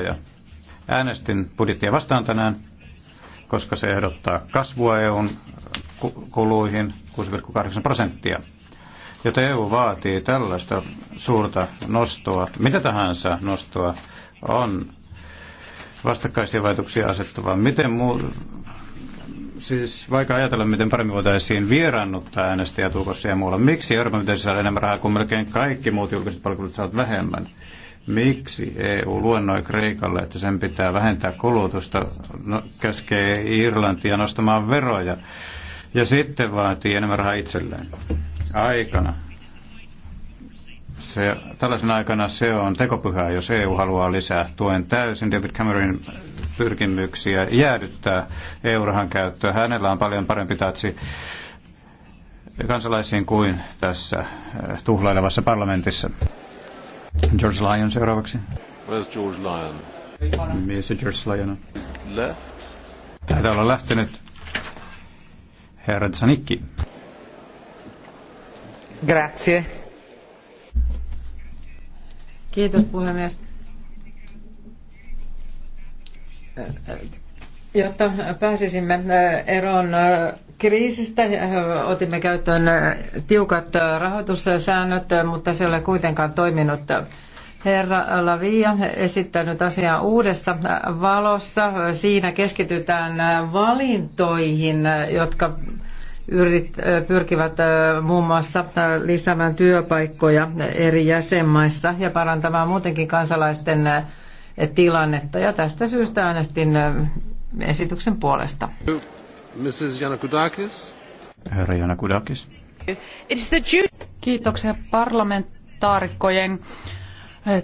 ja Äänestin budjettia vastaan tänään, koska se ehdottaa kasvua EUn kuluihin 6,8 prosenttia. Joten EU vaatii tällaista suurta nostoa, mitä tahansa nostoa on vastakkaisia vaikutuksia asettava. Miten muu, siis vaikka ajatella, miten paremmin voitaisiin vieraannuttaa äänestäjät ulkossa ja muualla. Miksi Euroopan pitäisi saada enemmän rahaa, kun melkein kaikki muut julkiset palvelut saavat vähemmän? miksi EU luennoi Kreikalle, että sen pitää vähentää kulutusta, no, käskee Irlantia nostamaan veroja ja sitten vaatii enemmän rahaa itselleen aikana. Se, tällaisen aikana se on tekopyhää, jos EU haluaa lisää. Tuen täysin David Cameronin pyrkimyksiä jäädyttää eurohan käyttöä. Hänellä on paljon parempi tatsi kansalaisiin kuin tässä eh, tuhlailevassa parlamentissa. George Lyon seuraavaksi. Where's George Lyon? Missä George Lyon on? Left. olla lähtenyt. Herra Zanikki. Grazie. Kiitos puhemies. Jotta pääsisimme äh, eroon äh, kriisistä. Äh, otimme käyttöön äh, tiukat äh, rahoitussäännöt, mutta se ei ole kuitenkaan toiminut. Herra Lavia esittänyt asiaa uudessa valossa. Siinä keskitytään valintoihin, jotka yrit, pyrkivät muun muassa lisäämään työpaikkoja eri jäsenmaissa ja parantamaan muutenkin kansalaisten tilannetta. Ja tästä syystä äänestin esityksen puolesta. Herra Kiitoksia parlamentaarikkojen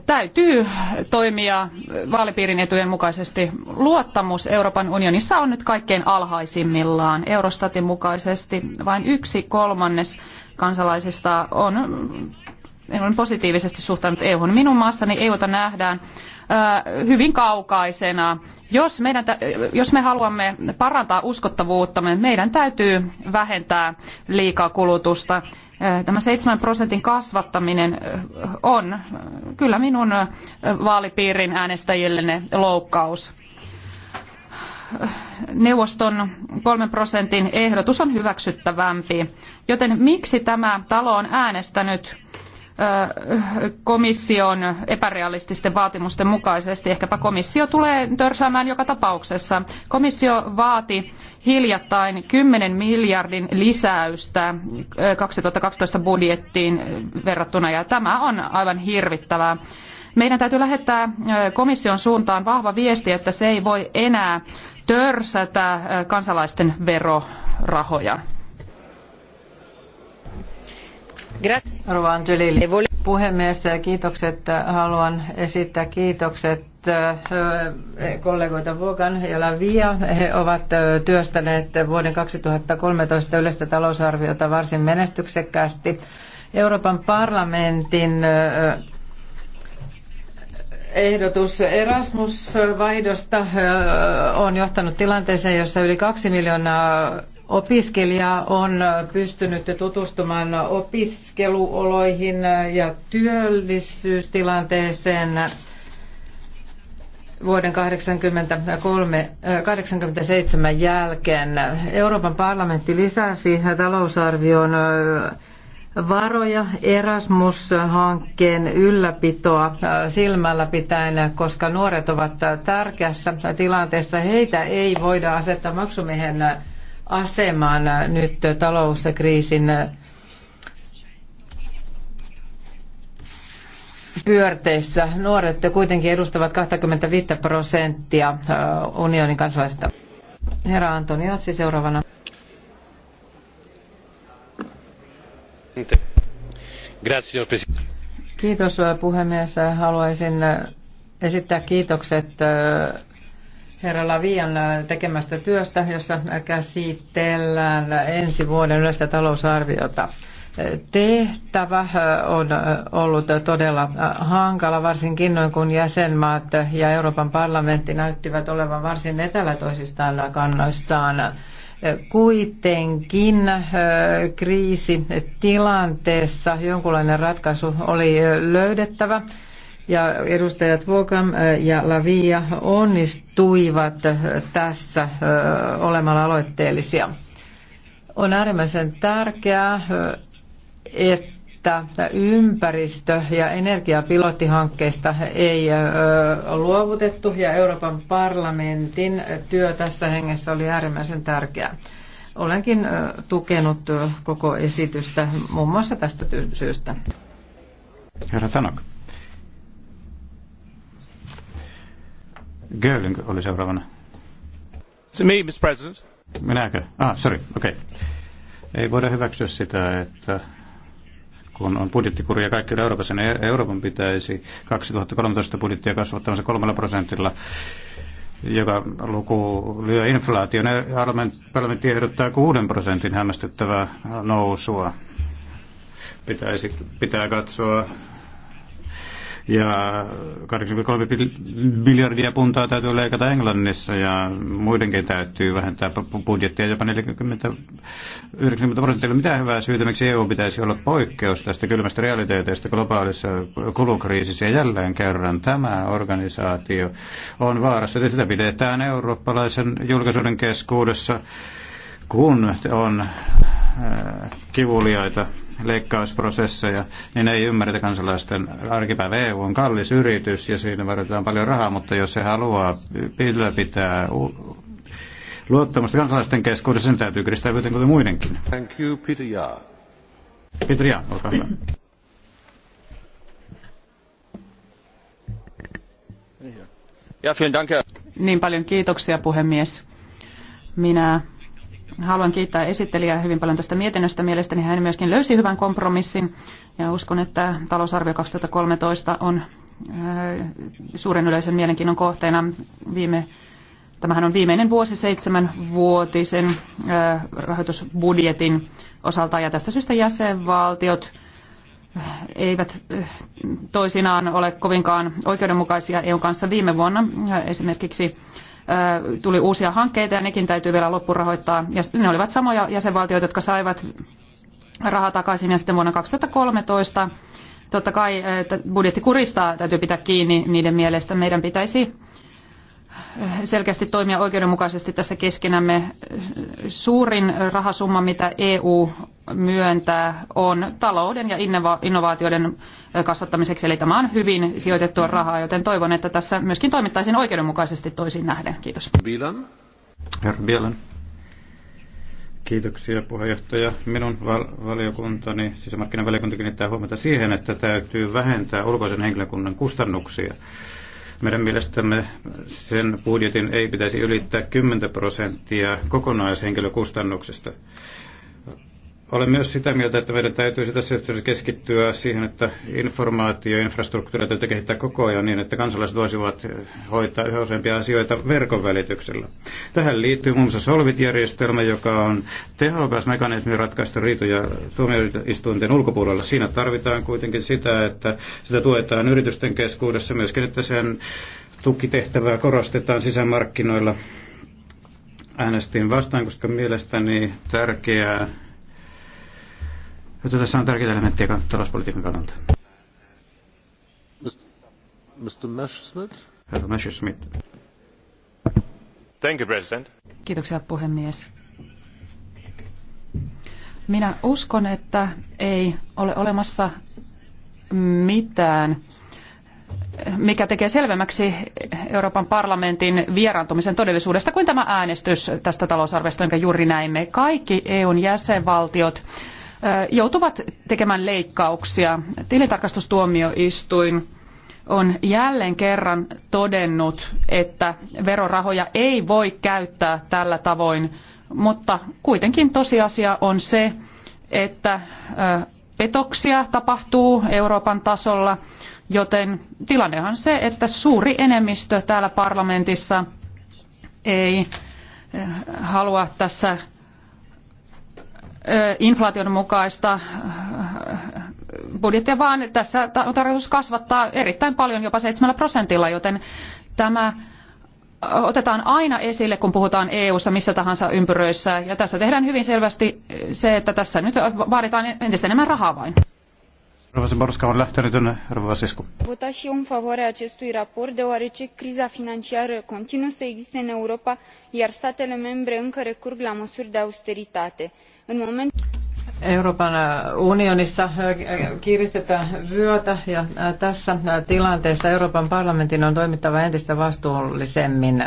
täytyy toimia vaalipiirin etujen mukaisesti. Luottamus Euroopan unionissa on nyt kaikkein alhaisimmillaan. Eurostatin mukaisesti vain yksi kolmannes kansalaisista on, on positiivisesti suhtautunut EU-hun. Minun maassani EUta nähdään hyvin kaukaisena jos, meidän, jos me haluamme parantaa uskottavuuttamme, meidän täytyy vähentää liikaa kulutusta. Äh, tämä 7 prosentin kasvattaminen äh, on kyllä minun äh, vaalipiirin äänestäjillenne loukkaus neuvoston kolmen prosentin ehdotus on hyväksyttävämpi. Joten miksi tämä talo on äänestänyt komission epärealististen vaatimusten mukaisesti. Ehkäpä komissio tulee törsäämään joka tapauksessa. Komissio vaati hiljattain 10 miljardin lisäystä 2012 budjettiin verrattuna ja tämä on aivan hirvittävää. Meidän täytyy lähettää komission suuntaan vahva viesti, että se ei voi enää törsätä kansalaisten verorahoja. E Puhemies, kiitokset. Haluan esittää kiitokset eh, eh, kollegoita Vogan ja Lavia. He ovat eh, työstäneet vuoden 2013 yleistä talousarviota varsin menestyksekkäästi. Euroopan parlamentin ehdotus Erasmus-vaihdosta on johtanut tilanteeseen, jossa yli kaksi miljoonaa Opiskelija on pystynyt tutustumaan opiskeluoloihin ja työllisyystilanteeseen vuoden 1987 äh, jälkeen. Euroopan parlamentti lisäsi talousarvioon äh, varoja Erasmus-hankkeen ylläpitoa äh, silmällä pitäen, koska nuoret ovat tärkeässä tilanteessa. Heitä ei voida asettaa maksumiehen asemaan nyt talouskriisin pyörteissä. Nuoret kuitenkin edustavat 25 prosenttia unionin kansalaisista. Herra Antoni Otsi seuraavana. Kiitos puhemies. Haluaisin esittää kiitokset herra Lavian äh, tekemästä työstä, jossa käsitellään ensi vuoden yleistä talousarviota. Tehtävä äh, on äh, ollut todella hankala, varsinkin noin kun jäsenmaat ja Euroopan parlamentti näyttivät olevan varsin etälä toisistaan kannoissaan. Kuitenkin kriisitilanteessa jonkunlainen ratkaisu oli löydettävä ja edustajat Vokam äh, ja Lavia onnistuivat äh, tässä äh, olemalla aloitteellisia. On äärimmäisen tärkeää, että ympäristö- ja energiapilottihankkeista ei luovutettu ja Euroopan parlamentin työ tässä hengessä oli äärimmäisen tärkeää. Olenkin tukenut koko esitystä muun muassa tästä syystä. Herra Tanok. Görling oli seuraavana. Se me, Mr. President. Minäkö? Ah, sorry, okei. Okay. Ei voida hyväksyä sitä, että kun on budjettikuria kaikkialla Euroopassa, niin Euroopan pitäisi 2013 budjettia se kolmella prosentilla joka luku lyö inflaation. Parlamentti ehdottaa 6 prosentin hämmästyttävää nousua. Pitäisi, pitää katsoa ja 83 miljardia puntaa täytyy leikata Englannissa ja muidenkin täytyy vähentää budjettia jopa 40 90 prosenttia. Mitä hyvää syytä, miksi EU pitäisi olla poikkeus tästä kylmästä realiteeteista globaalissa kulukriisissä ja jälleen kerran tämä organisaatio on vaarassa, Ja sitä pidetään eurooppalaisen julkisuuden keskuudessa kun on äh, kivuliaita leikkausprosesseja, niin ei ymmärretä kansalaisten arkipäivä EU on kallis yritys ja siinä varoitetaan paljon rahaa, mutta jos se haluaa pitää luottamusta kansalaisten keskuudessa, sen täytyy kristää kuten muidenkin. Thank you, Peter Jaa. Peter Jaa, olkaa hyvä. Ja, vielen danke. Niin paljon kiitoksia puhemies. Minä Haluan kiittää esittelijää hyvin paljon tästä mietinnöstä. Mielestäni hän myöskin löysi hyvän kompromissin ja uskon, että talousarvio 2013 on äh, suuren yleisön mielenkiinnon kohteena viime Tämähän on viimeinen vuosi seitsemän vuotisen äh, rahoitusbudjetin osalta ja tästä syystä jäsenvaltiot äh, eivät toisinaan ole kovinkaan oikeudenmukaisia EUn kanssa viime vuonna. Esimerkiksi tuli uusia hankkeita ja nekin täytyy vielä loppurahoittaa. Ja ne olivat samoja jäsenvaltioita, jotka saivat rahaa takaisin ja sitten vuonna 2013 totta kai budjettikurista täytyy pitää kiinni niiden mielestä. Meidän pitäisi selkeästi toimia oikeudenmukaisesti tässä keskenämme. Suurin rahasumma, mitä EU myöntää, on talouden ja innovaatioiden kasvattamiseksi. Eli tämä on hyvin sijoitettua rahaa, joten toivon, että tässä myöskin toimittaisiin oikeudenmukaisesti toisiin nähden. Kiitos. Bilan. Herra Bielan. Kiitoksia puheenjohtaja. Minun val- valiokuntani, sisämarkkinavaliokunta kiinnittää huomiota siihen, että täytyy vähentää ulkoisen henkilökunnan kustannuksia meidän mielestämme sen budjetin ei pitäisi ylittää 10 prosenttia kokonaishenkilökustannuksesta. Olen myös sitä mieltä, että meidän täytyisi tässä yhteydessä keskittyä siihen, että informaatio- ja infrastruktuuria täytyy kehittää koko ajan niin, että kansalaiset voisivat hoitaa yhä useampia asioita verkon välityksellä. Tähän liittyy muun muassa Solvit-järjestelmä, joka on tehokas mekanismi ratkaista riitoja tuomioistuinten ulkopuolella. Siinä tarvitaan kuitenkin sitä, että sitä tuetaan yritysten keskuudessa myöskin, että sen tukitehtävää korostetaan sisämarkkinoilla. Äänestin vastaan, koska mielestäni tärkeää Joten tässä on tärkeitä elementtejä talouspolitiikan kannalta. Mr. Messerschmidt. Herra Messerschmidt. Thank you, President. Kiitoksia puhemies. Minä uskon, että ei ole olemassa mitään, mikä tekee selvemmäksi Euroopan parlamentin vieraantumisen todellisuudesta kuin tämä äänestys tästä talousarvesta, jonka juuri näimme. Kaikki EUn jäsenvaltiot joutuvat tekemään leikkauksia. Tilintarkastustuomioistuin on jälleen kerran todennut, että verorahoja ei voi käyttää tällä tavoin, mutta kuitenkin tosiasia on se, että petoksia tapahtuu Euroopan tasolla, joten tilannehan se, että suuri enemmistö täällä parlamentissa ei halua tässä inflaation mukaista budjettia, vaan tässä on tarkoitus kasvattaa erittäin paljon, jopa 7 prosentilla, joten tämä otetaan aina esille, kun puhutaan EU-ssa missä tahansa ympyröissä. Ja tässä tehdään hyvin selvästi se, että tässä nyt vaaditaan entistä enemmän rahaa vain. Profesor on Vota eu în favoarea acestui raport, deoarece criza financiară continuă să existe în Europa, iar statele membre încă recurg la măsuri de austeritate. În Euroopan äh, unionissa äh, kiristetään vyötä ja äh, tässä tilanteessa Euroopan parlamentin on toimittava entistä vastuullisemmin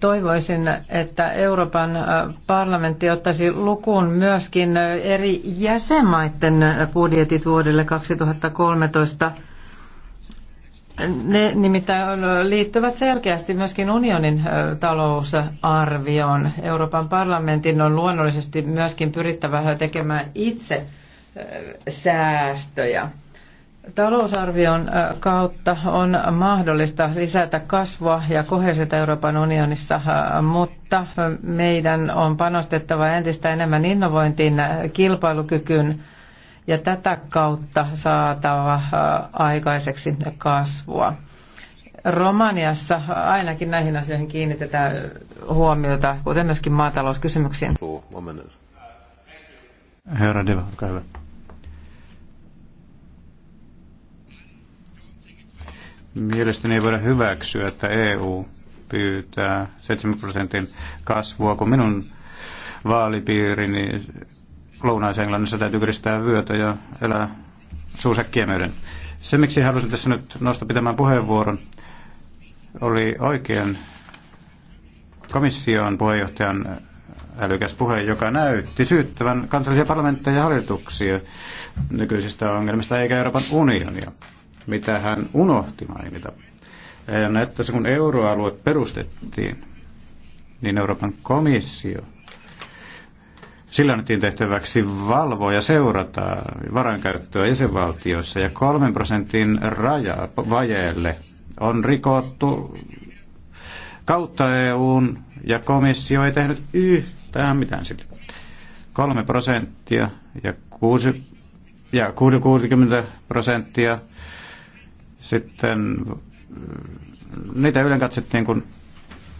toivoisin, että Euroopan äh, parlamentti ottaisi lukuun myöskin äh, eri jäsenmaiden äh, budjetit vuodelle 2013. Ne nimittäin liittyvät selkeästi myöskin unionin talousarvioon. Euroopan parlamentin on luonnollisesti myöskin pyrittävä tekemään itse säästöjä. Talousarvion äh, kautta on mahdollista lisätä kasvua ja kohesiota Euroopan unionissa, äh, mutta äh, meidän on panostettava entistä enemmän innovointiin, kilpailukykyyn ja tätä kautta saatava aikaiseksi kasvua. Romaniassa ainakin näihin asioihin kiinnitetään huomiota, kuten myöskin maatalouskysymyksiin. Herra Deva, olkaa hyvä. Mielestäni ei voida hyväksyä, että EU pyytää 7 prosentin kasvua, kun minun vaalipiirini Lounais-Englannissa täytyy kiristää vyötä ja elää suusäkkiä myöden. Se, miksi halusin tässä nyt nostaa pitämään puheenvuoron, oli oikein komission puheenjohtajan älykäs puhe, joka näytti syyttävän kansallisia parlamentteja ja hallituksia nykyisistä ongelmista eikä Euroopan unionia mitä hän unohti mainita. se, kun euroalue perustettiin, niin Euroopan komissio sillä annettiin tehtäväksi valvoa ja seurata varankäyttöä jäsenvaltioissa. Ja kolmen prosentin raja vajeelle on rikottu kautta EUn ja komissio ei tehnyt yhtään mitään sille. Kolme prosenttia ja, kuusi, ja 60 prosenttia sitten niitä ylen katsottiin, kun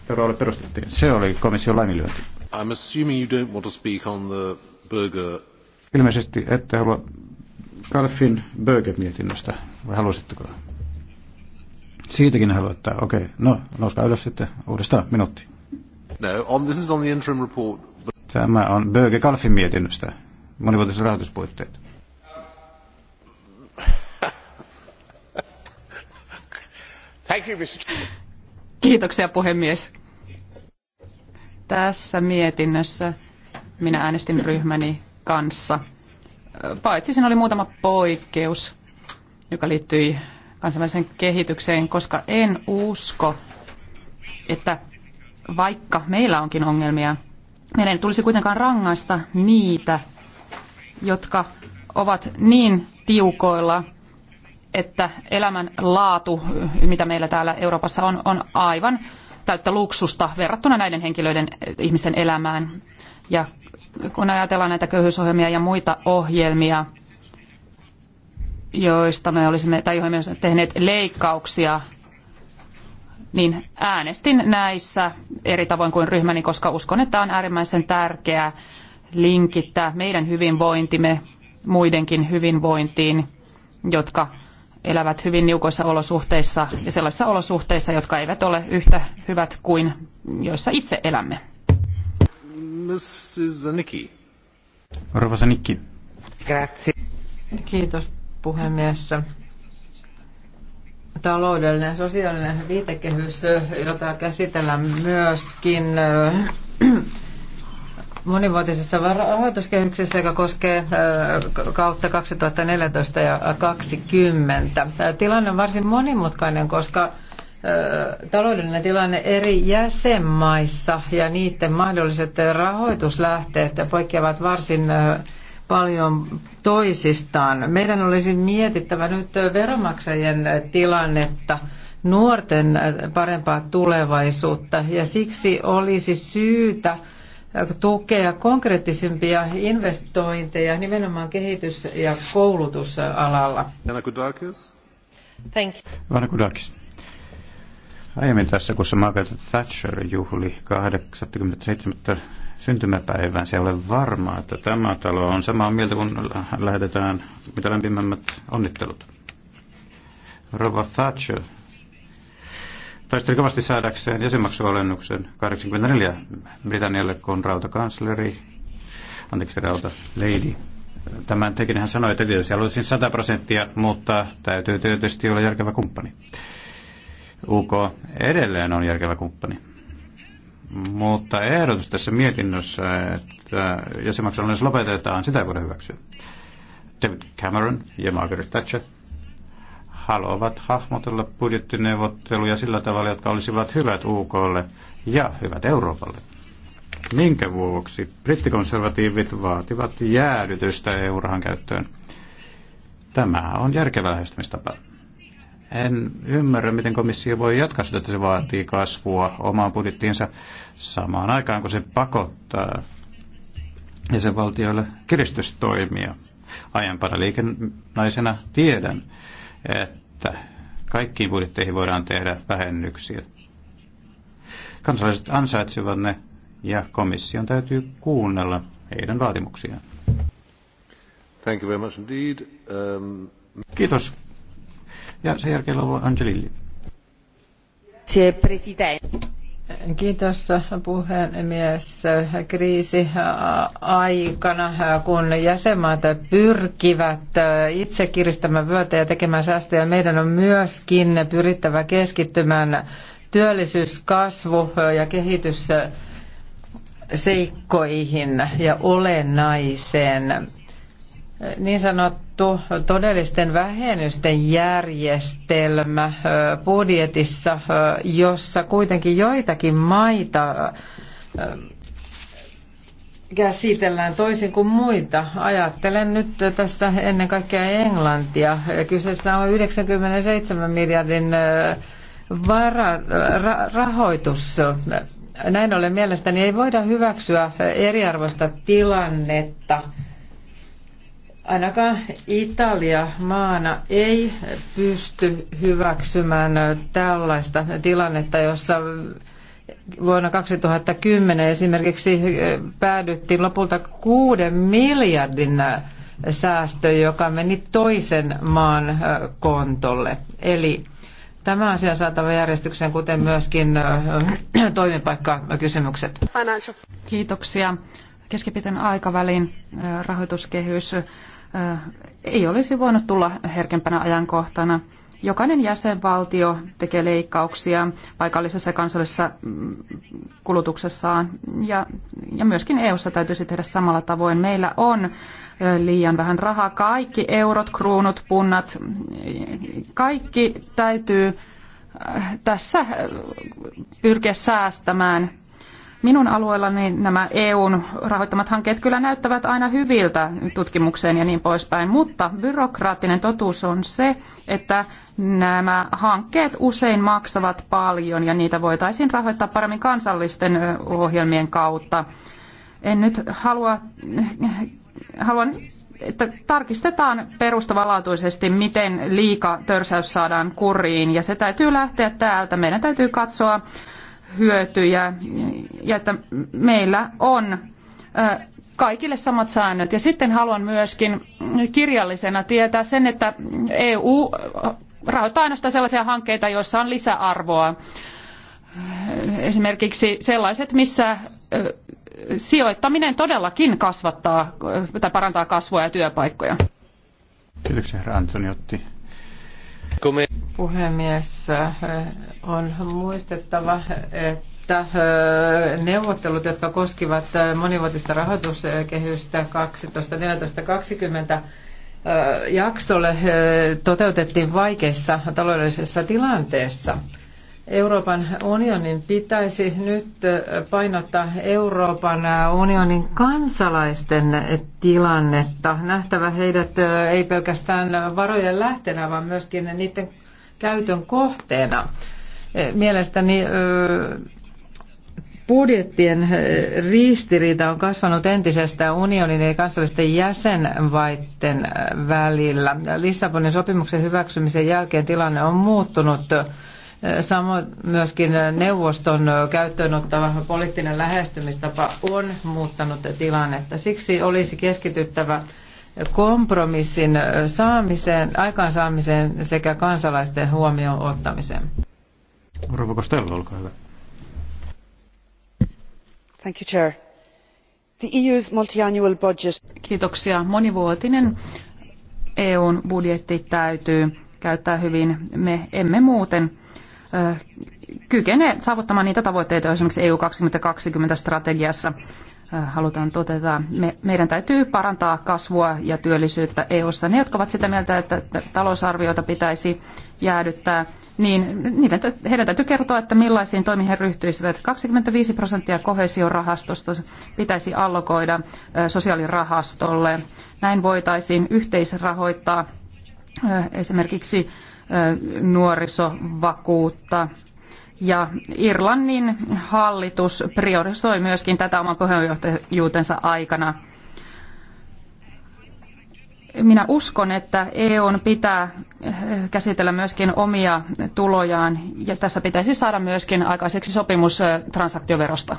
euroalue perustettiin. Se oli komission laiminlyönti. I'm assuming you don't want to speak on the burger. Ilmeisesti ette halua Kalfin burger-mietinnöstä, vai haluaisitteko? Siitäkin haluatte. Okei, okay. no nouskaa ylös sitten uudestaan minuutti. No, on, this is on the interim report. Tämä on burger Kalfin mietinnöstä, monivuotiset rahoituspuitteet. Thank Kiitoksia puhemies. Tässä mietinnössä minä äänestin ryhmäni kanssa. Paitsi siinä oli muutama poikkeus, joka liittyi kansainväliseen kehitykseen, koska en usko, että vaikka meillä onkin ongelmia, meidän ei tulisi kuitenkaan rangaista niitä, jotka ovat niin tiukoilla että elämän laatu, mitä meillä täällä Euroopassa on, on aivan täyttä luksusta verrattuna näiden henkilöiden eh, ihmisten elämään. Ja kun ajatellaan näitä köyhyysohjelmia ja muita ohjelmia, joista me olisimme, tai joihin me olisimme tehneet leikkauksia, niin äänestin näissä eri tavoin kuin ryhmäni, koska uskon, että on äärimmäisen tärkeää linkittää meidän hyvinvointimme muidenkin hyvinvointiin, jotka elävät hyvin niukoissa olosuhteissa ja sellaisissa olosuhteissa, jotka eivät ole yhtä hyvät kuin joissa itse elämme. Zanicki. Rova Grazie. Kiitos puhemies. Taloudellinen ja sosiaalinen viitekehys, jota käsitellään myöskin monivuotisessa rahoituskehyksessä, joka koskee kautta 2014 ja 2020. Tilanne on varsin monimutkainen, koska taloudellinen tilanne eri jäsenmaissa ja niiden mahdolliset rahoituslähteet poikkeavat varsin paljon toisistaan. Meidän olisi mietittävä nyt veromaksajien tilannetta, nuorten parempaa tulevaisuutta ja siksi olisi syytä tukea konkreettisempia investointeja nimenomaan kehitys- ja koulutusalalla. Thank you. Vanakudakis. Aiemmin tässä, kun Margaret Thatcher juhli 87 syntymäpäivään. Se ei ole varmaa, että tämä talo on samaa mieltä, kun lähdetään mitä lämpimämmät onnittelut. Rova Thatcher taisteli kovasti saadakseen jäsenmaksualennuksen 84 Britannialle, kun rautakansleri, anteeksi rauta, lady, tämän tekin hän sanoi, että tietysti haluaisin 100 prosenttia, mutta täytyy tietysti olla järkevä kumppani. UK edelleen on järkevä kumppani. Mutta ehdotus tässä mietinnössä, että jäsenmaksualennus lopetetaan, sitä ei voida hyväksyä. David Cameron ja Margaret Thatcher haluavat hahmotella budjettineuvotteluja sillä tavalla, jotka olisivat hyvät UKlle ja hyvät Euroopalle. Minkä vuoksi brittikonservatiivit vaativat jäädytystä eurohan käyttöön? Tämä on järkevä lähestymistapa. En ymmärrä, miten komissio voi jatkaa sitä, että se vaatii kasvua omaan budjettiinsa samaan aikaan, kun se pakottaa jäsenvaltioille kiristystoimia. Aiempana liikennaisena tiedän, että kaikkiin budjetteihin voidaan tehdä vähennyksiä. Kansalaiset ansaitsevat ne ja komission täytyy kuunnella heidän vaatimuksiaan. Thank you very much indeed. Um... Kiitos. Ja sen jälkeen on Angelilli. Presidente. Kiitos puhemies. Kriisi aikana, kun jäsenmaat pyrkivät itse kiristämään vyötä ja tekemään säästöjä, meidän on myöskin pyrittävä keskittymään työllisyyskasvu ja kehitysseikkoihin ja olennaiseen. Niin sanottu sovittu todellisten vähennysten järjestelmä budjetissa, jossa kuitenkin joitakin maita käsitellään toisin kuin muita. Ajattelen nyt tässä ennen kaikkea Englantia. Kyseessä on 97 miljardin vara, ra, rahoitus. Näin ollen mielestäni ei voida hyväksyä eriarvoista tilannetta – Ainakaan Italia maana ei pysty hyväksymään tällaista tilannetta, jossa vuonna 2010 esimerkiksi päädyttiin lopulta kuuden miljardin säästö, joka meni toisen maan kontolle. Eli tämä asia saatava järjestykseen, kuten myöskin toimipaikkakysymykset. Kiitoksia. Keskipiten aikavälin rahoituskehys Äh, ei olisi voinut tulla herkempänä ajankohtana. Jokainen jäsenvaltio tekee leikkauksia paikallisessa ja kansallisessa mm, kulutuksessaan ja, ja myöskin EUssa täytyisi tehdä samalla tavoin. Meillä on liian vähän rahaa. Kaikki eurot, kruunut, punnat, kaikki täytyy äh, tässä pyrkiä säästämään Minun alueellani nämä EUn rahoittamat hankkeet kyllä näyttävät aina hyviltä tutkimukseen ja niin poispäin, mutta byrokraattinen totuus on se, että nämä hankkeet usein maksavat paljon ja niitä voitaisiin rahoittaa paremmin kansallisten ohjelmien kautta. En nyt halua, haluan että tarkistetaan perustavanlaatuisesti, miten liika törsäys saadaan kuriin, ja se täytyy lähteä täältä. Meidän täytyy katsoa hyötyjä ja että meillä on kaikille samat säännöt. Ja sitten haluan myöskin kirjallisena tietää sen, että EU rahoittaa ainoastaan sellaisia hankkeita, joissa on lisäarvoa. Esimerkiksi sellaiset, missä sijoittaminen todellakin kasvattaa tai parantaa kasvua ja työpaikkoja. Kiitoksia, herra Antoni otti Puhemies, eh, on muistettava, että eh, neuvottelut, jotka koskivat eh, monivuotista rahoituskehystä 2020 jaksolle, toteutettiin vaikeassa taloudellisessa tilanteessa – Euroopan unionin pitäisi nyt painottaa Euroopan unionin kansalaisten tilannetta, nähtävä heidät ei pelkästään varojen lähteenä, vaan myöskin niiden käytön kohteena. E, mielestäni budjettien ristiriita on kasvanut entisestään unionin ja kansallisten jäsenvaiden välillä. Lissabonin sopimuksen hyväksymisen jälkeen tilanne on muuttunut Samoin myöskin neuvoston käyttöön käyttöönottava poliittinen lähestymistapa on muuttanut tilannetta. Siksi olisi keskityttävä kompromissin saamiseen, aikaansaamiseen sekä kansalaisten huomioon ottamiseen. Rova Costello, olkaa hyvä. Thank you, Chair. The EU's multi-annual budget. Kiitoksia. Monivuotinen EUn budjetti täytyy käyttää hyvin. Me emme muuten kykenee saavuttamaan niitä tavoitteita, joita esimerkiksi EU 2020-strategiassa halutaan toteuttaa. Me, meidän täytyy parantaa kasvua ja työllisyyttä EU:ssa. Ne, jotka ovat sitä mieltä, että talousarvioita pitäisi jäädyttää, niin niiden, heidän täytyy kertoa, että millaisiin toimiin he ryhtyisivät. 25 prosenttia kohesiorahastosta pitäisi allokoida sosiaalirahastolle. Näin voitaisiin yhteisrahoittaa esimerkiksi nuorisovakuutta. Ja Irlannin hallitus priorisoi myöskin tätä oman puheenjohtajuutensa aikana. Minä uskon, että EUn pitää käsitellä myöskin omia tulojaan ja tässä pitäisi saada myöskin aikaiseksi sopimus transaktioverosta.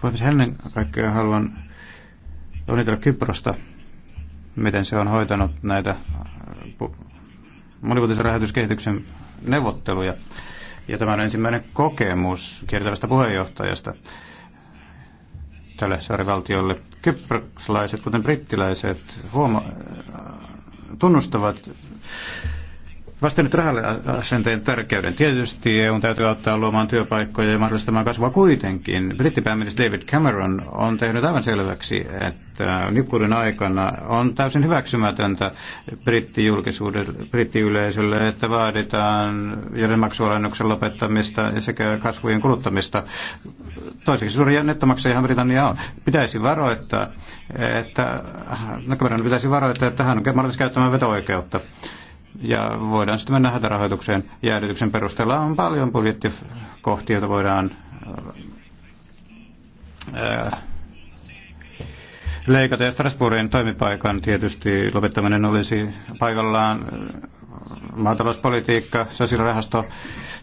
Puhemies, ennen kaikkea haluan onnitella Kyprosta, miten se on hoitanut näitä monivuotisen rahoituskehityksen neuvotteluja. Ja tämä on ensimmäinen kokemus kiertävästä puheenjohtajasta tälle saarivaltiolle. Kyproslaiset, kuten brittiläiset, huoma- tunnustavat Vasta nyt rahalle tärkeyden. Tietysti EUn täytyy auttaa luomaan työpaikkoja ja mahdollistamaan kasvua kuitenkin. Brittipääministeri David Cameron on tehnyt aivan selväksi, että nippuuden aikana on täysin hyväksymätöntä brittijulkisuudelle, brittiyleisölle, että vaaditaan jäsenmaksualennuksen lopettamista sekä kasvujen kuluttamista. Toiseksi suuri nettomaksajahan Britannia on. Pitäisi varoittaa, että, Cameron pitäisi varoittaa, että hän on mahdollista käyttämään veto-oikeutta ja voidaan sitten mennä hätärahoitukseen jäädytyksen perusteella. On paljon budjettikohtia, joita voidaan ää, leikata. Ja Strasbourgin toimipaikan tietysti lopettaminen olisi paikallaan maatalouspolitiikka, sosiaalirahasto,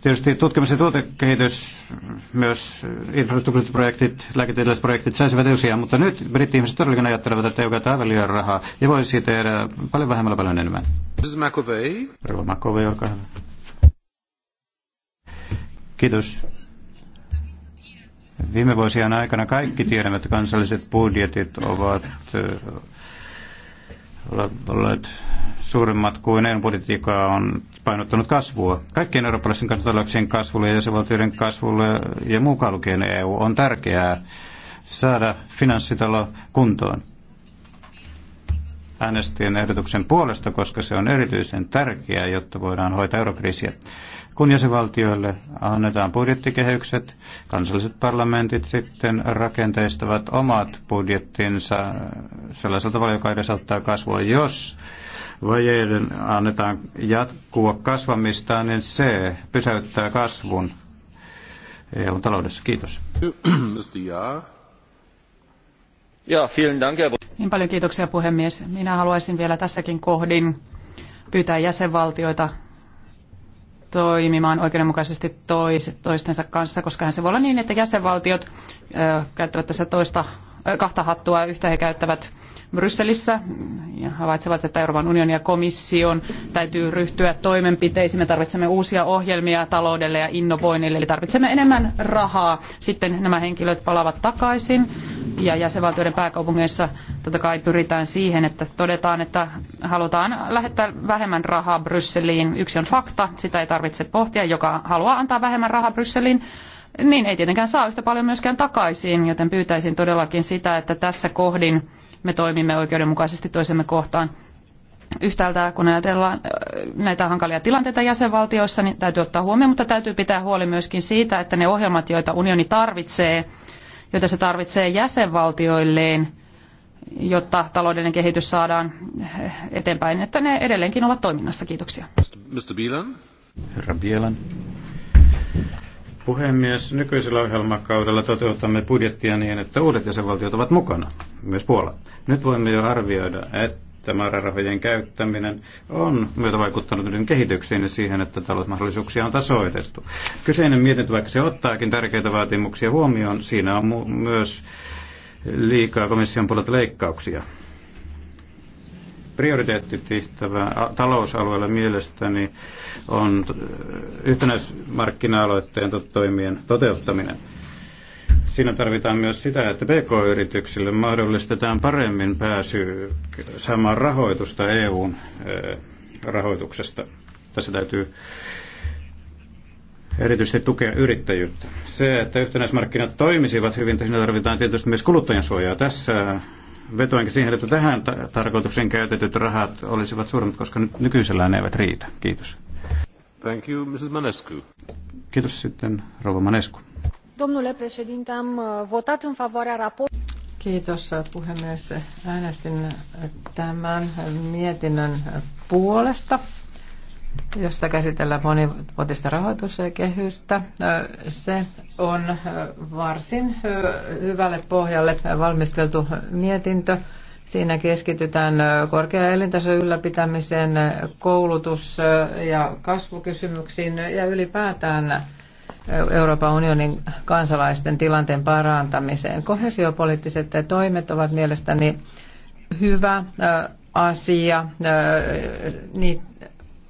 tietysti tutkimus- ja tuotekehitys, myös infrastruktuuriprojektit, lääketieteelliset projektit saisivat uusia, mutta nyt britti-ihmiset todellakin ajattelevat, että ei ole aivan liian rahaa ja voisi tehdä paljon vähemmällä paljon enemmän. Mrs. McAvey. Rova McAvey, olkaa hyvä. Kiitos. Viime vuosien aikana kaikki tiedämme, että kansalliset budjetit ovat olleet suuremmat kuin EU-politiikka on painottanut kasvua. Kaikkien eurooppalaisten kansantalouksien kasvulle ja jäsenvaltioiden kasvulle ja mukaan lukien EU on tärkeää saada finanssitalo kuntoon. Äänestin ehdotuksen puolesta, koska se on erityisen tärkeää, jotta voidaan hoitaa eurokriisiä. Kun jäsenvaltioille annetaan budjettikehykset, kansalliset parlamentit sitten rakenteistavat omat budjettinsa sellaisella tavalla, joka edesauttaa kasvua. Jos vajeiden annetaan jatkua kasvamistaan, niin se pysäyttää kasvun EU-taloudessa. Kiitos. Ja, vielen Dank, niin paljon kiitoksia puhemies. Minä haluaisin vielä tässäkin kohdin pyytää jäsenvaltioita toimimaan oikeudenmukaisesti tois, toistensa kanssa, koska hän se voi olla niin, että jäsenvaltiot ö, käyttävät tässä toista, ö, kahta hattua. Yhtä he käyttävät Brysselissä ja havaitsevat, että Euroopan unionin ja komission täytyy ryhtyä toimenpiteisiin. Me tarvitsemme uusia ohjelmia taloudelle ja innovoinnille, eli tarvitsemme enemmän rahaa. Sitten nämä henkilöt palaavat takaisin ja jäsenvaltioiden pääkaupungeissa totta kai pyritään siihen, että todetaan, että halutaan lähettää vähemmän rahaa Brysseliin. Yksi on fakta, sitä ei tarvitse pohtia. Joka haluaa antaa vähemmän rahaa Brysseliin, niin ei tietenkään saa yhtä paljon myöskään takaisin, joten pyytäisin todellakin sitä, että tässä kohdin me toimimme oikeudenmukaisesti toisemme kohtaan. Yhtäältä, kun ajatellaan äh, näitä hankalia tilanteita jäsenvaltioissa, niin täytyy ottaa huomioon, mutta täytyy pitää huoli myöskin siitä, että ne ohjelmat, joita unioni tarvitsee, joita se tarvitsee jäsenvaltioilleen, jotta taloudellinen kehitys saadaan eteenpäin, että ne edelleenkin ovat toiminnassa. Kiitoksia. Mr. Bielan. Herra Bielan. Puhemies, nykyisellä ohjelmakaudella toteutamme budjettia niin, että uudet jäsenvaltiot ovat mukana, myös Puola. Nyt voimme jo arvioida, että että määrärahojen käyttäminen on myötä vaikuttanut yhden kehitykseen ja siihen, että talousmahdollisuuksia on tasoitettu. Kyseinen mietintö, vaikka se ottaakin tärkeitä vaatimuksia huomioon, siinä on myös liikaa komission puolelta leikkauksia. Prioriteettitehtävä talousalueella mielestäni on yhtenäismarkkina-aloitteen toimien toteuttaminen. Siinä tarvitaan myös sitä, että PK-yrityksille mahdollistetaan paremmin pääsy saamaan rahoitusta EUn eh, rahoituksesta. Tässä täytyy erityisesti tukea yrittäjyyttä. Se, että yhtenäismarkkinat toimisivat hyvin, niin siinä tarvitaan tietysti myös kuluttajan suojaa. Tässä vetoankin siihen, että tähän tarkoitukseen käytetyt rahat olisivat suuremmat, koska nyt nykyisellään ne eivät riitä. Kiitos. Thank you, Mrs. Manescu. Kiitos sitten, rouva Manescu. Domnule președinte, am uh, votat în favoarea raportului. Kiitos uh, puhemies. Äänestin uh, tämän mietinnön puolesta, jossa käsitellään monivuotista rahoituskehystä. Se on varsin hyvälle pohjalle valmisteltu mietintö. Siinä keskitytään korkean elintason ylläpitämiseen, koulutus- ja kasvukysymyksiin ja ylipäätään Euroopan unionin kansalaisten tilanteen parantamiseen. Kohesiopoliittiset toimet ovat mielestäni hyvä asia.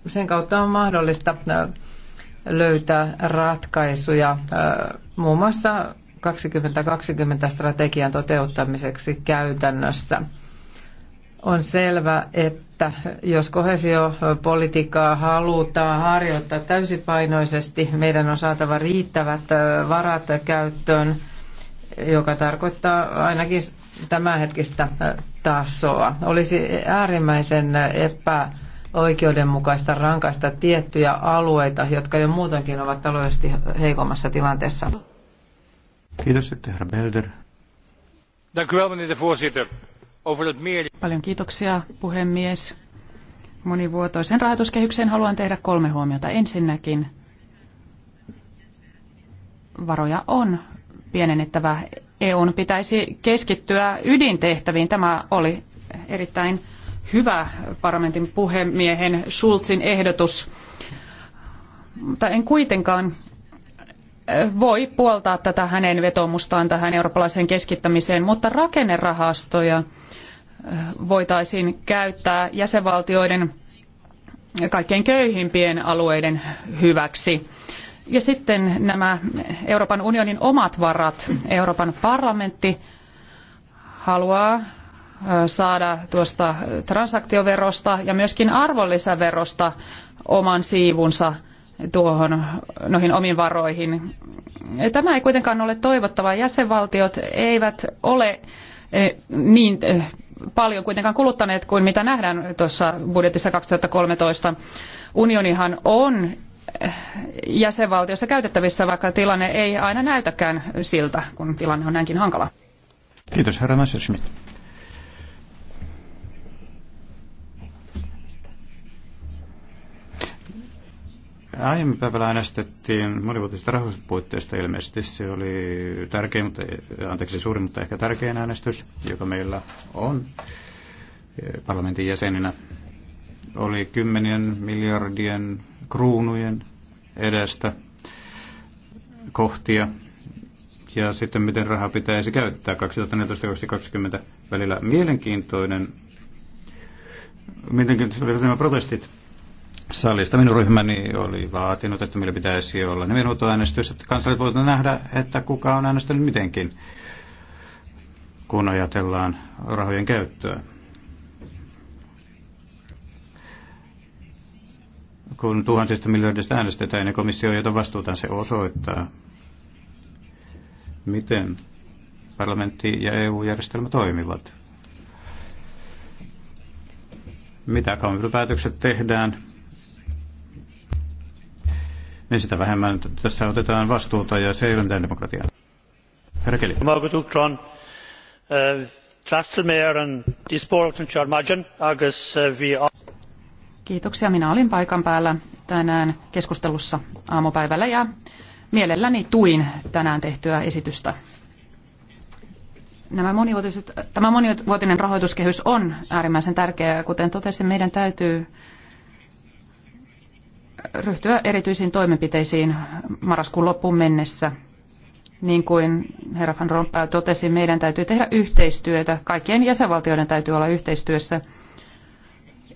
Sen kautta on mahdollista löytää ratkaisuja muun muassa 2020 strategian toteuttamiseksi käytännössä. On selvä, että jos kohesiopolitiikkaa halutaan harjoittaa täysipainoisesti, meidän on saatava riittävät varat käyttöön, joka tarkoittaa ainakin tämänhetkistä tasoa. Olisi äärimmäisen epäoikeudenmukaista rankaista tiettyjä alueita, jotka jo muutenkin ovat taloudellisesti heikommassa tilanteessa. Kiitos, herra Belder. Dank u wel, meneer de voorzitter Paljon kiitoksia, puhemies. Monivuotoisen rahoituskehykseen haluan tehdä kolme huomiota. Ensinnäkin varoja on pienennettävä. EUn pitäisi keskittyä ydintehtäviin. Tämä oli erittäin hyvä parlamentin puhemiehen Schulzin ehdotus. Mutta en kuitenkaan voi puoltaa tätä hänen vetomustaan tähän eurooppalaiseen keskittämiseen, mutta rakennerahastoja voitaisiin käyttää jäsenvaltioiden kaikkein köyhimpien alueiden hyväksi. Ja sitten nämä Euroopan unionin omat varat. Euroopan parlamentti haluaa saada tuosta transaktioverosta ja myöskin arvonlisäverosta oman siivunsa – tuohon, noihin omiin varoihin. Tämä ei kuitenkaan ole toivottavaa. Jäsenvaltiot eivät ole eh, niin eh, paljon kuitenkaan kuluttaneet kuin mitä nähdään tuossa budjetissa 2013. Unionihan on eh, jäsenvaltiossa käytettävissä, vaikka tilanne ei aina näytäkään siltä, kun tilanne on näinkin hankala. Kiitos, herra Messerschmidt. Aiemmin päivällä äänestettiin monivuotisista rahoituspuitteista ilmeisesti. Se oli tärkein, mutta, anteeksi, suurin, mutta ehkä tärkein äänestys, joka meillä on parlamentin jäseninä. Oli kymmenien miljardien kruunujen edestä kohtia ja sitten miten rahaa pitäisi käyttää 2014-2020 välillä. Mielenkiintoinen, miten olivat nämä protestit salista. Minun ryhmäni oli vaatinut, että meillä pitäisi olla nimenhuutoäänestys, että kansalaiset voivat nähdä, että kuka on äänestänyt mitenkin, kun ajatellaan rahojen käyttöä. Kun tuhansista miljardista äänestetään ja komissio jota vastuutaan, se osoittaa, miten parlamentti ja EU-järjestelmä toimivat. Mitä päätökset tehdään, niin sitä vähemmän tässä otetaan vastuuta ja se ei ole mitään demokratiaa. Herra uh, uh, Kiitoksia. Minä olin paikan päällä tänään keskustelussa aamupäivällä ja mielelläni tuin tänään tehtyä esitystä. Nämä monivuotiset, tämä monivuotinen rahoituskehys on äärimmäisen tärkeä ja kuten totesin, meidän täytyy ryhtyä erityisiin toimenpiteisiin marraskuun loppuun mennessä. Niin kuin herra Van Rompuy totesi, meidän täytyy tehdä yhteistyötä. Kaikkien jäsenvaltioiden täytyy olla yhteistyössä.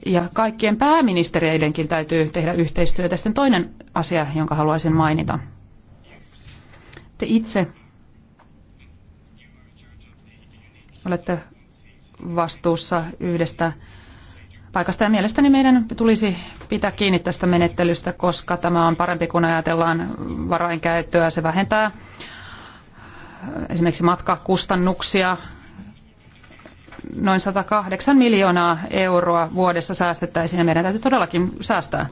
Ja kaikkien pääministereidenkin täytyy tehdä yhteistyötä. Sitten toinen asia, jonka haluaisin mainita. Te itse olette vastuussa yhdestä paikasta. Ja mielestäni meidän tulisi pitää kiinni tästä menettelystä, koska tämä on parempi, kuin ajatellaan varainkäyttöä. Se vähentää äh, esimerkiksi matkakustannuksia. Noin 108 miljoonaa euroa vuodessa säästettäisiin ja meidän täytyy todellakin säästää.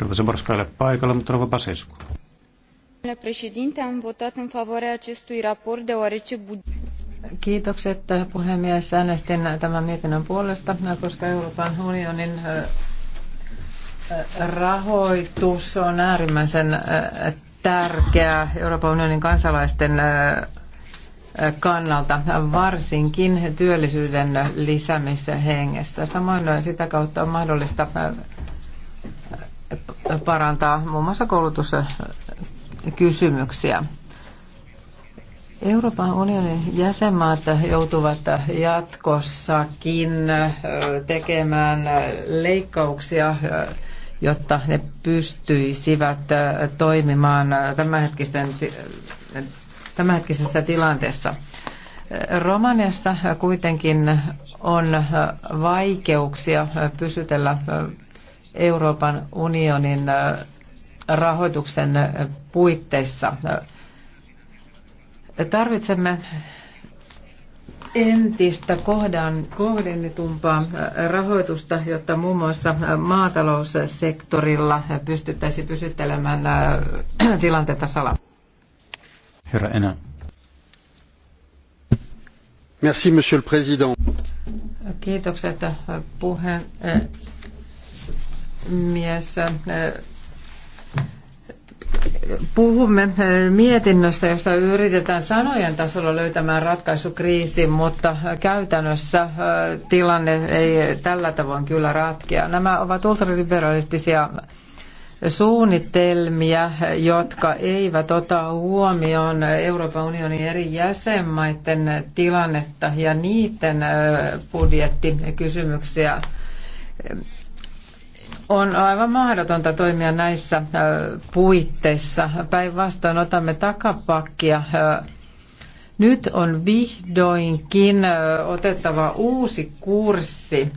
Ruvasi Morskaille paikalla, mutta Rova Basescu. Am votat în favoarea acestui raport deoarece Kiitokset äh, puhemies. Äänestin tämän mietinnön puolesta, äh, koska Euroopan unionin äh, rahoitus on äärimmäisen tärkeää Euroopan unionin kansalaisten kannalta, varsinkin työllisyyden lisäämisessä hengessä. Samoin sitä kautta on mahdollista parantaa muun muassa koulutuskysymyksiä. Euroopan unionin jäsenmaat joutuvat jatkossakin tekemään leikkauksia, jotta ne pystyisivät toimimaan tämänhetkisessä tilanteessa. Romaniassa kuitenkin on vaikeuksia pysytellä Euroopan unionin rahoituksen puitteissa – Tarvitsemme entistä kohdan, kohdennetumpaa rahoitusta, jotta muun muassa maataloussektorilla pystyttäisiin pysyttelemään tilanteita sala. Herra Enä. Merci, monsieur le président. Kiitokset puhemies puhumme eh, mietinnöstä, jossa yritetään sanojen tasolla löytämään ratkaisu kriisiin, mutta käytännössä eh, tilanne ei tällä tavoin kyllä ratkea. Nämä ovat ultraliberalistisia suunnitelmia, jotka eivät ota huomioon Euroopan unionin eri jäsenmaiden tilannetta ja niiden eh, budjettikysymyksiä on aivan mahdotonta toimia näissä puitteissa. Päinvastoin otamme takapakkia. Nyt on vihdoinkin otettava uusi kurssi.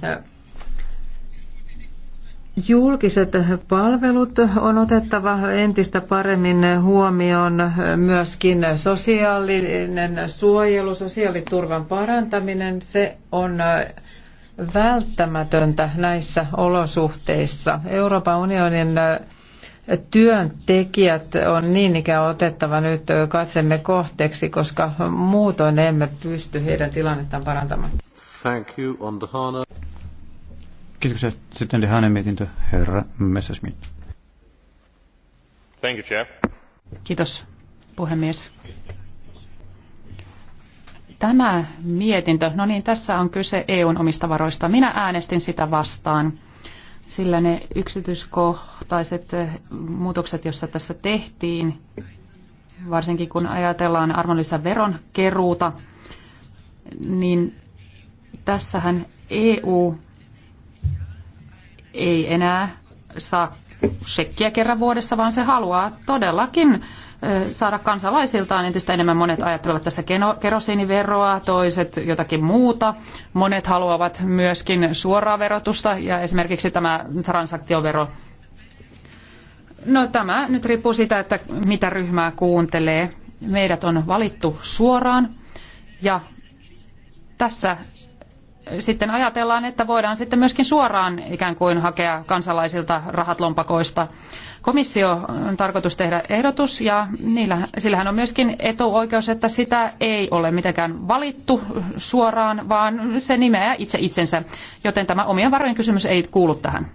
Julkiset palvelut on otettava entistä paremmin huomioon myöskin sosiaalinen suojelu, sosiaaliturvan parantaminen. Se on välttämätöntä näissä olosuhteissa. Euroopan unionin työntekijät on niin ikään otettava nyt katsemme kohteeksi, koska muutoin emme pysty heidän tilannettaan parantamaan. Thank you on the Hana. Kiitoksia. Sitten oli mietintö, herra Messerschmidt. Thank you, Chair. Kiitos, puhemies. Tämä mietintö, no niin, tässä on kyse EUn omista varoista. Minä äänestin sitä vastaan, sillä ne yksityiskohtaiset eh, muutokset, joissa tässä tehtiin, varsinkin kun ajatellaan arvonlisäveron keruuta, niin tässähän EU ei enää saa shekkiä kerran vuodessa, vaan se haluaa todellakin saada kansalaisiltaan entistä enemmän. Monet ajattelevat tässä kerosiiniveroa, toiset jotakin muuta. Monet haluavat myöskin suoraa verotusta ja esimerkiksi tämä transaktiovero. No tämä nyt riippuu siitä, että mitä ryhmää kuuntelee. Meidät on valittu suoraan ja tässä sitten ajatellaan, että voidaan sitten myöskin suoraan ikään kuin hakea kansalaisilta rahat lompakoista. Komissio on tarkoitus tehdä ehdotus ja niillä, sillähän on myöskin etuoikeus, että sitä ei ole mitenkään valittu suoraan, vaan se nimeää itse itsensä, joten tämä omien varojen kysymys ei kuulu tähän.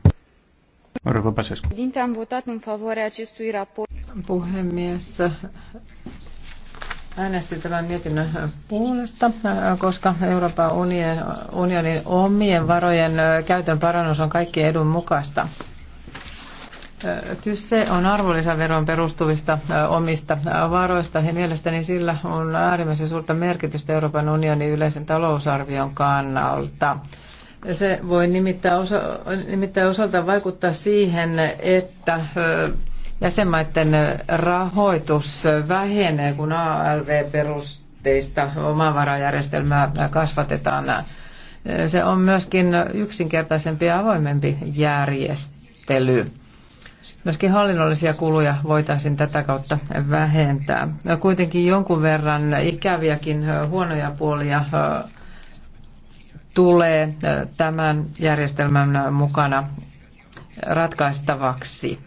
Puhemies, äänestin tämän mietinnön puolesta, koska Euroopan unionin omien varojen käytön parannus on kaikkien edun mukaista. Kyse on arvonlisäveron perustuvista omista varoista ja mielestäni sillä on äärimmäisen suurta merkitystä Euroopan unionin yleisen talousarvion kannalta. Se voi nimittäin, osa, nimittäin osaltaan vaikuttaa siihen, että jäsenmaiden rahoitus vähenee, kun ALV-perusteista omavarajärjestelmää kasvatetaan. Se on myöskin yksinkertaisempi ja avoimempi järjestely. Myöskin hallinnollisia kuluja voitaisiin tätä kautta vähentää. Kuitenkin jonkun verran ikäviäkin huonoja puolia tulee tämän järjestelmän mukana ratkaistavaksi.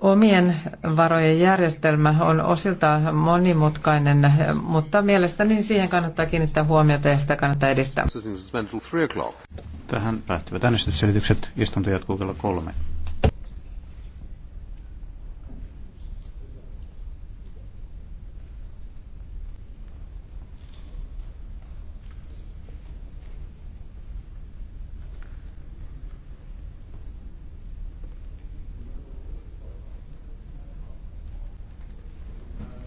Omien varojen järjestelmä on osiltaan monimutkainen, mutta mielestäni siihen kannattaa kiinnittää huomiota ja sitä kannattaa edistää. Tähän päättyvät äänestysselitykset. Istunto jatkuu kello kolme.